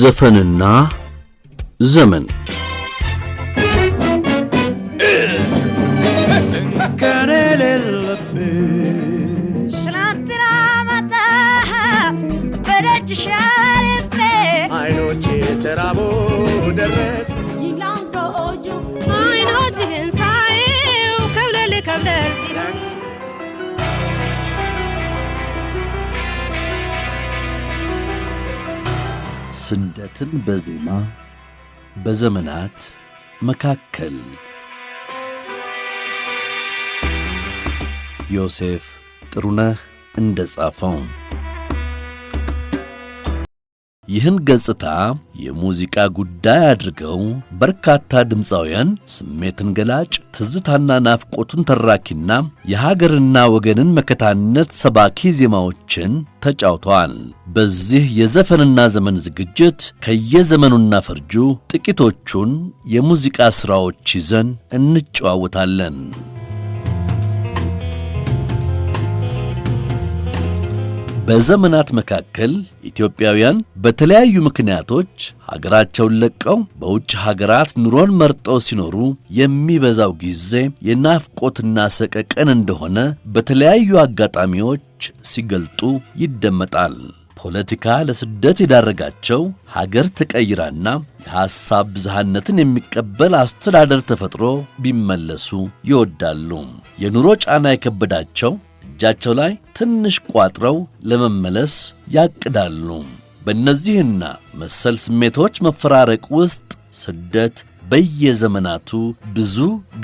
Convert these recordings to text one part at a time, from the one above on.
ዘፈንና ዘመን ስደትን በዜማ በዘመናት መካከል ዮሴፍ ጥሩነህ እንደ ጻፈው ይህን ገጽታ የሙዚቃ ጉዳይ አድርገው በርካታ ድምፃውያን ስሜትን ገላጭ፣ ትዝታና ናፍቆቱን ተራኪና የሀገርና ወገንን መከታነት ሰባኪ ዜማዎችን ተጫውተዋል። በዚህ የዘፈንና ዘመን ዝግጅት ከየዘመኑና ፈርጁ ጥቂቶቹን የሙዚቃ ሥራዎች ይዘን እንጨዋወታለን። በዘመናት መካከል ኢትዮጵያውያን በተለያዩ ምክንያቶች ሀገራቸውን ለቀው በውጭ ሀገራት ኑሮን መርጠው ሲኖሩ የሚበዛው ጊዜ የናፍቆትና ሰቀቀን እንደሆነ በተለያዩ አጋጣሚዎች ሲገልጡ ይደመጣል። ፖለቲካ ለስደት የዳረጋቸው ሀገር ተቀይራና የሐሳብ ብዝሃነትን የሚቀበል አስተዳደር ተፈጥሮ ቢመለሱ ይወዳሉ። የኑሮ ጫና የከበዳቸው እጃቸው ላይ ትንሽ ቋጥረው ለመመለስ ያቅዳሉ። በእነዚህና መሰል ስሜቶች መፈራረቅ ውስጥ ስደት በየዘመናቱ ብዙ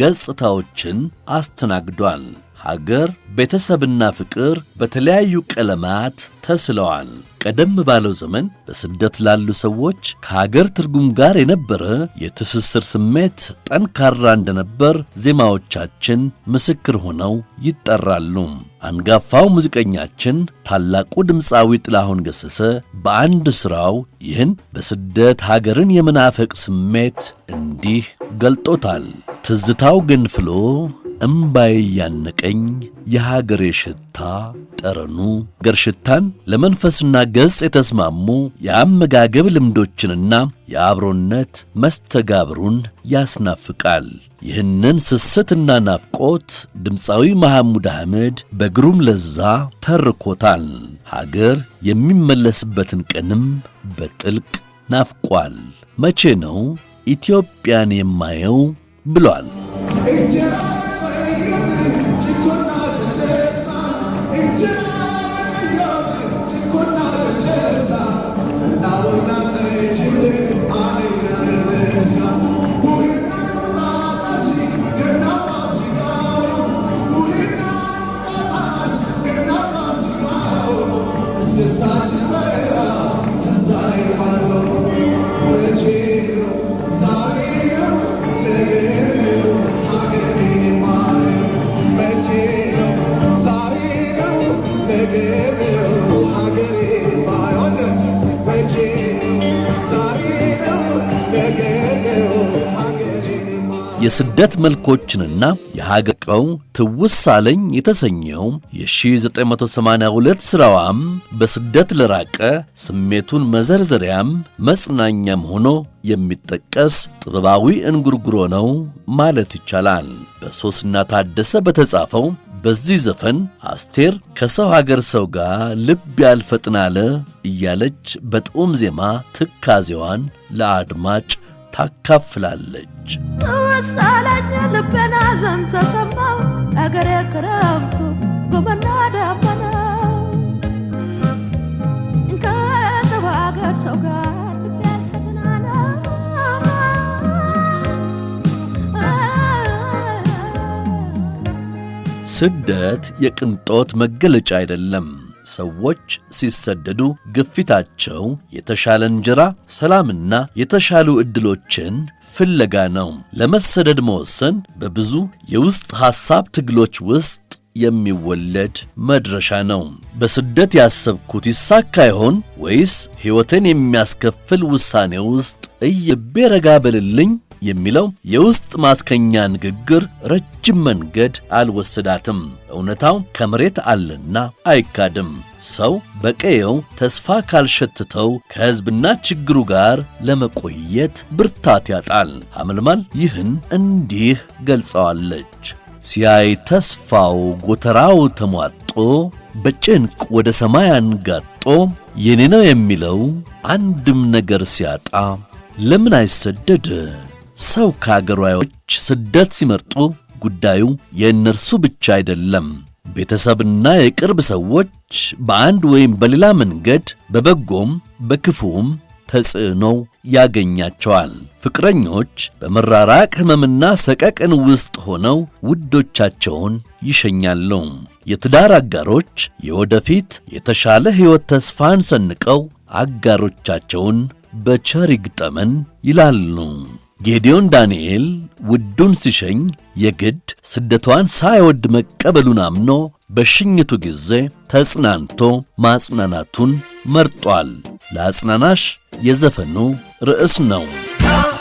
ገጽታዎችን አስተናግዷል። ሀገር ቤተሰብና ፍቅር በተለያዩ ቀለማት ተስለዋል። ቀደም ባለው ዘመን በስደት ላሉ ሰዎች ከሀገር ትርጉም ጋር የነበረ የትስስር ስሜት ጠንካራ እንደነበር ዜማዎቻችን ምስክር ሆነው ይጠራሉ። አንጋፋው ሙዚቀኛችን ታላቁ ድምፃዊ ጥላሁን ገሰሰ በአንድ ሥራው ይህን በስደት ሀገርን የመናፈቅ ስሜት እንዲህ ገልጦታል። ትዝታው ገንፍሎ እምባዬ እያነቀኝ የሀገሬ ሽታ ጠረኑ ሀገር ሽታን ለመንፈስና ገጽ የተስማሙ የአመጋገብ ልምዶችንና የአብሮነት መስተጋብሩን ያስናፍቃል። ይህንን ስስትና ናፍቆት ድምፃዊ መሐሙድ አህመድ በግሩም ለዛ ተርኮታል። ሀገር የሚመለስበትን ቀንም በጥልቅ ናፍቋል። መቼ ነው ኢትዮጵያን የማየው ብሏል። የስደት መልኮችንና የሀገቀው ትውሳለኝ የተሰኘው የ1982 ሥራዋም በስደት ለራቀ ስሜቱን መዘርዘሪያም መጽናኛም ሆኖ የሚጠቀስ ጥበባዊ እንጉርጉሮ ነው ማለት ይቻላል። በሦስትና ታደሰ በተጻፈው በዚህ ዘፈን አስቴር ከሰው ሀገር ሰው ጋር ልብ ያልፈጥናለ እያለች በጥዑም ዜማ ትካዜዋን ለአድማጭ ታካፍላለች። ተወሳለኝ ልቤና ዘን ተሰማው አገሬ ክረምቱ በመና ዳመና ከሰው ሀገር ሰው ጋር ስደት የቅንጦት መገለጫ አይደለም። ሰዎች ሲሰደዱ ግፊታቸው የተሻለ እንጀራ፣ ሰላምና የተሻሉ ዕድሎችን ፍለጋ ነው። ለመሰደድ መወሰን በብዙ የውስጥ ሐሳብ ትግሎች ውስጥ የሚወለድ መድረሻ ነው። በስደት ያሰብኩት ይሳካ ይሆን ወይስ ሕይወቴን የሚያስከፍል ውሳኔ ውስጥ እየቤረጋ በልልኝ የሚለው የውስጥ ማስከኛ ንግግር ረጅም መንገድ አልወሰዳትም። እውነታው ከመሬት አለና አይካድም። ሰው በቀየው ተስፋ ካልሸትተው ከሕዝብና ችግሩ ጋር ለመቆየት ብርታት ያጣል። ሐመልማል ይህን እንዲህ ገልጸዋለች። ሲያይ ተስፋው ጎተራው ተሟጦ በጭንቅ ወደ ሰማይ አንጋጦ የኔ ነው የሚለው አንድም ነገር ሲያጣ ለምን አይሰደድ? ሰው ከአገሯዎች ስደት ሲመርጡ ጉዳዩ የእነርሱ ብቻ አይደለም። ቤተሰብና የቅርብ ሰዎች በአንድ ወይም በሌላ መንገድ በበጎም በክፉም ተጽዕኖ ያገኛቸዋል። ፍቅረኞች በመራራቅ ሕመምና ሰቀቅን ውስጥ ሆነው ውዶቻቸውን ይሸኛሉ። የትዳር አጋሮች የወደፊት የተሻለ ሕይወት ተስፋን ሰንቀው አጋሮቻቸውን በቸር ይግጠመን ይላሉ። ጌዲዮን ዳንኤል ውዱን ሲሸኝ የግድ ስደቷን ሳይወድ መቀበሉን አምኖ በሽኝቱ ጊዜ ተጽናንቶ ማጽናናቱን መርጧል። ለአጽናናሽ የዘፈኑ ርዕስ ነው። ናሽ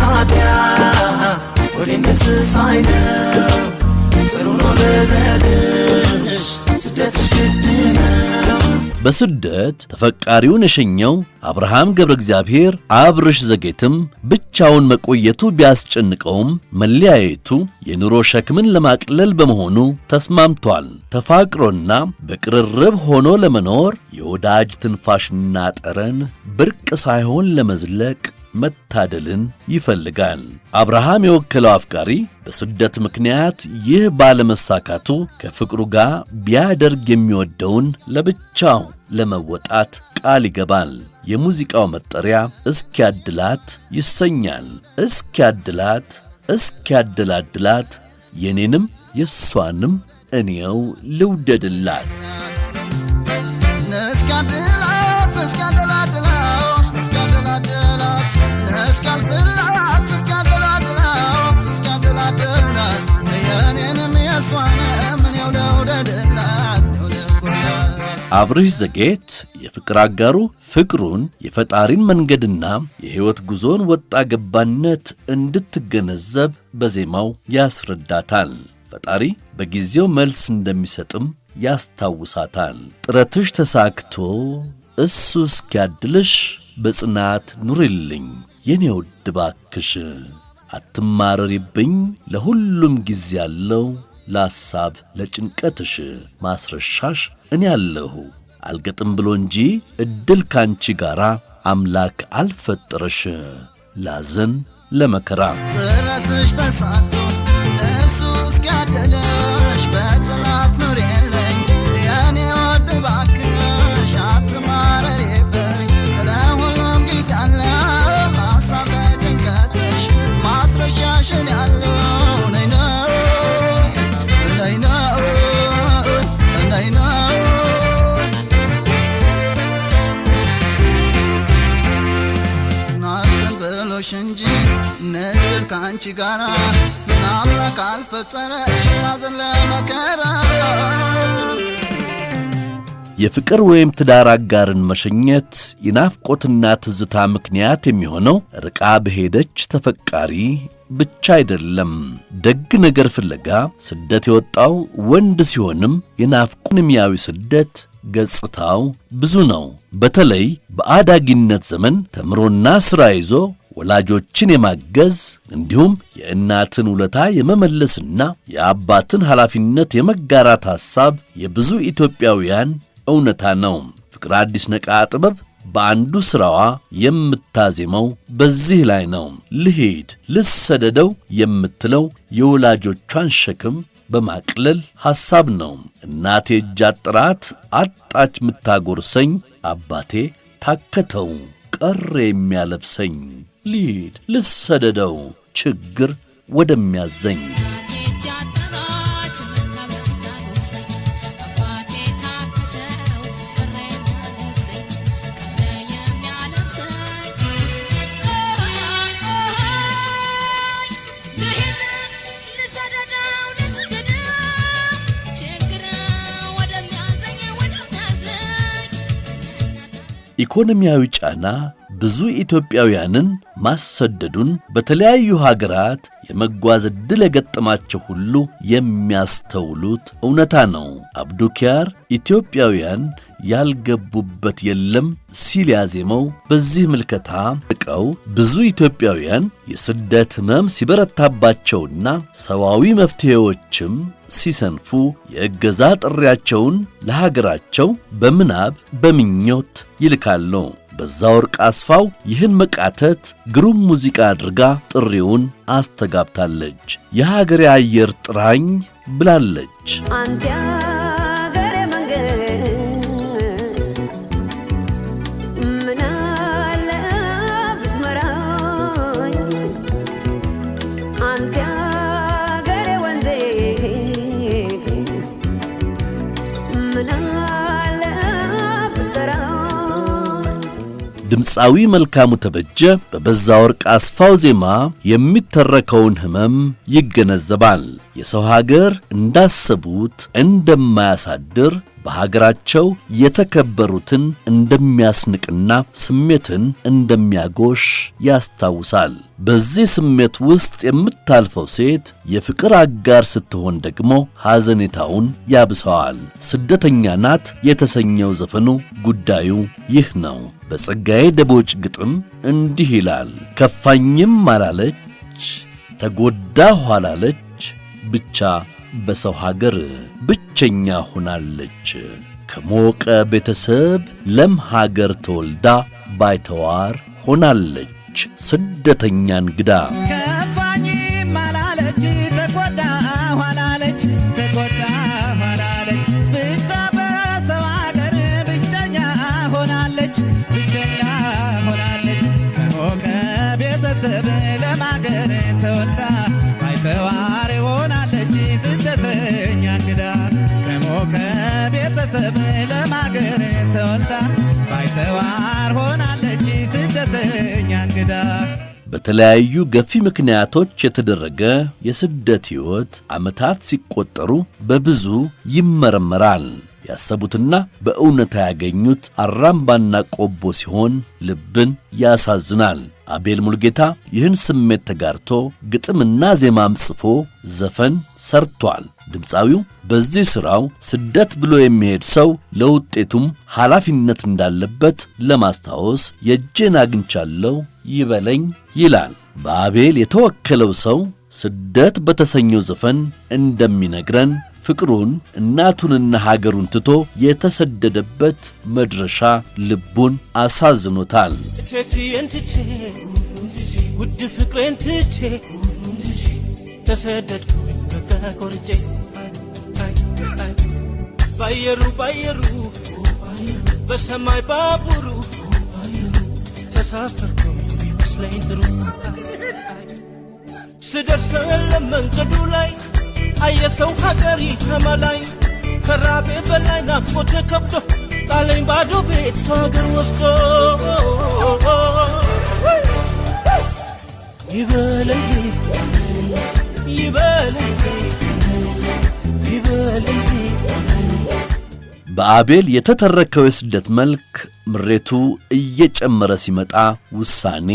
ታዲያ ንስሳይ ነው በስደት ተፈቃሪውን የሸኘው አብርሃም ገብረ እግዚአብሔር አብርሽ ዘጌትም ብቻውን መቆየቱ ቢያስጨንቀውም መለያየቱ የኑሮ ሸክምን ለማቅለል በመሆኑ ተስማምቷል። ተፋቅሮና በቅርርብ ሆኖ ለመኖር የወዳጅ ትንፋሽና ጠረን ብርቅ ሳይሆን ለመዝለቅ መታደልን ይፈልጋል። አብርሃም የወከለው አፍቃሪ በስደት ምክንያት ይህ ባለመሳካቱ ከፍቅሩ ጋር ቢያደርግ የሚወደውን ለብቻው ለመወጣት ቃል ይገባል። የሙዚቃው መጠሪያ እስኪያድላት ይሰኛል። እስኪያድላት እስኪያደላድላት የኔንም የእሷንም እኔው ልውደድላት እስካልፍላት አብርሽ ዘጌት የፍቅር አጋሩ ፍቅሩን የፈጣሪን መንገድና የሕይወት ጉዞን ወጣ ገባነት እንድትገነዘብ በዜማው ያስረዳታል። ፈጣሪ በጊዜው መልስ እንደሚሰጥም ያስታውሳታል። ጥረትሽ ተሳክቶ እሱ እስኪያድልሽ በጽናት ኑርልኝ የኔ ውድ ባክሽ፣ አትማረሪብኝ ለሁሉም ጊዜ ያለው ለሐሳብ ለጭንቀትሽ ማስረሻሽ እኔ አለሁ። አልገጥም ብሎ እንጂ ዕድል ካንቺ ጋር አምላክ አልፈጠረሽ ላዘን ለመከራ ጥረትሽ ተሳቶ እሱ እስኪያደለሽ ለመከራ የፍቅር ወይም ትዳር አጋርን መሸኘት የናፍቆትና ትዝታ ምክንያት የሚሆነው ርቃ በሄደች ተፈቃሪ ብቻ አይደለም። ደግ ነገር ፍለጋ ስደት የወጣው ወንድ ሲሆንም የናፍቆንሚያዊ ስደት ገጽታው ብዙ ነው። በተለይ በአዳጊነት ዘመን ተምሮና ሥራ ይዞ ወላጆችን የማገዝ እንዲሁም የእናትን ውለታ የመመለስና የአባትን ኃላፊነት የመጋራት ሐሳብ የብዙ ኢትዮጵያውያን እውነታ ነው። ፍቅር አዲስ ነቃ ጥበብ በአንዱ ሥራዋ የምታዜመው በዚህ ላይ ነው። ልሂድ ልሰደደው የምትለው የወላጆቿን ሸክም በማቅለል ሐሳብ ነው። እናቴ እጅ አጥራት አጣች ምታጎርሰኝ፣ አባቴ ታከተው ቀር የሚያለብሰኝ ልሂድ፣ ልሰደደው ችግር ወደሚያዘኝ ኢኮኖሚያዊ ጫና ብዙ ኢትዮጵያውያንን ማሰደዱን በተለያዩ ሀገራት የመጓዝ ዕድል የገጠማቸው ሁሉ የሚያስተውሉት እውነታ ነው። አብዱኪያር ኢትዮጵያውያን ያልገቡበት የለም ሲል ያዜመው በዚህ ምልከታ ቀው ብዙ ኢትዮጵያውያን የስደት ሕመም ሲበረታባቸውና ሰብአዊ መፍትሔዎችም ሲሰንፉ የእገዛ ጥሪያቸውን ለሀገራቸው በምናብ በምኞት ይልካሉ። በዛ ወርቅ አስፋው ይህን መቃተት ግሩም ሙዚቃ አድርጋ ጥሪውን አስተጋብታለች። የሀገሬ አየር ጥራኝ ብላለች። ድምፃዊ መልካሙ ተበጀ በበዛ ወርቅ አስፋው ዜማ የሚተረከውን ህመም ይገነዘባል። የሰው ሀገር እንዳሰቡት እንደማያሳድር በሀገራቸው የተከበሩትን እንደሚያስንቅና ስሜትን እንደሚያጎሽ ያስታውሳል። በዚህ ስሜት ውስጥ የምታልፈው ሴት የፍቅር አጋር ስትሆን ደግሞ ሐዘኔታውን ያብሰዋል። ስደተኛ ናት የተሰኘው ዘፈኑ ጉዳዩ ይህ ነው። በጸጋዬ ደቦጭ ግጥም እንዲህ ይላል። ከፋኝም አላለች ተጎዳ ኋላለች ብቻ በሰው ሀገር ብቸኛ ሆናለች። ከሞቀ ቤተሰብ ለም ሀገር ተወልዳ ባይተዋር ሆናለች። ስደተኛ እንግዳ ከፋኝ ማላለች ኋላለች በሰው ሀገር ብቸኛ ሆናለች ተወልዳ ባይተዋር ቤተሰብ ተወልዳ ባይተዋር ሆናለች ስደተኛ እንግዳ። በተለያዩ ገፊ ምክንያቶች የተደረገ የስደት ሕይወት ዓመታት ሲቆጠሩ በብዙ ይመረመራል። ያሰቡትና በእውነታ ያገኙት አራምባና ቆቦ ሲሆን ልብን ያሳዝናል። አቤል ሙልጌታ ይህን ስሜት ተጋርቶ ግጥምና ዜማም ጽፎ ዘፈን ሰርቷል። ድምፃዊው በዚህ ሥራው ስደት ብሎ የሚሄድ ሰው ለውጤቱም ኃላፊነት እንዳለበት ለማስታወስ የእጄን አግኝቻለሁ ይበለኝ ይላል። በአቤል የተወከለው ሰው ስደት በተሰኘው ዘፈን እንደሚነግረን ፍቅሩን እናቱንና ሀገሩን ትቶ የተሰደደበት መድረሻ ልቡን አሳዝኖታል። እቴቴን ትቼ ውድ ፍቅሬን ትቼ ቆርጬ ባየሩ ባየሩ በሰማይ ባቡሩ ጥሩ ላይ አየሰው ሀገሪ ከመላይ ከራቤ በላይ ናፍቆት ከብዶ ጣለኝ ባዶ ቤት ሰው ሀገር ወስዶ ይበለኝ ይበለኝ ይበለኝ በአቤል የተተረከው የስደት መልክ ምሬቱ እየጨመረ ሲመጣ ውሳኔ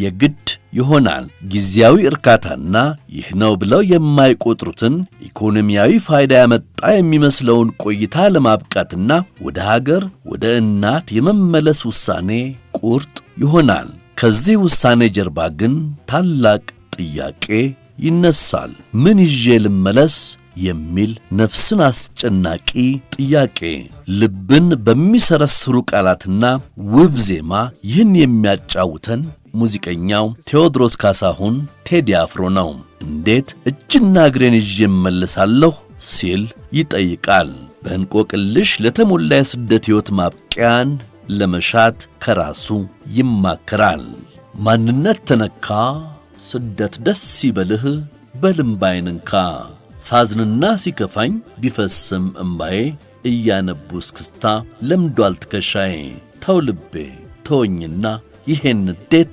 የግድ ይሆናል። ጊዜያዊ እርካታና ይህ ነው ብለው የማይቆጥሩትን ኢኮኖሚያዊ ፋይዳ ያመጣ የሚመስለውን ቆይታ ለማብቃትና ወደ ሀገር ወደ እናት የመመለስ ውሳኔ ቁርጥ ይሆናል። ከዚህ ውሳኔ ጀርባ ግን ታላቅ ጥያቄ ይነሳል። ምን ይዤ ልመለስ የሚል ነፍስን አስጨናቂ ጥያቄ። ልብን በሚሰረስሩ ቃላትና ውብ ዜማ ይህን የሚያጫውተን ሙዚቀኛው ቴዎድሮስ ካሳሁን ቴዲ አፍሮ ነው። እንዴት እጅና እግሬን ይዤ እመለሳለሁ ሲል ይጠይቃል። በእንቆቅልሽ ለተሞላ የስደት ሕይወት ማብቂያን ለመሻት ከራሱ ይማከራል። ማንነት ተነካ ስደት ደስ ይበልህ በልምባይንንካ ሳዝንና ሲከፋኝ ቢፈስም እምባዬ እያነቡ እስክስታ ለምዷል ትከሻዬ ተው ልቤ ተወኝና ይሄን ንዴት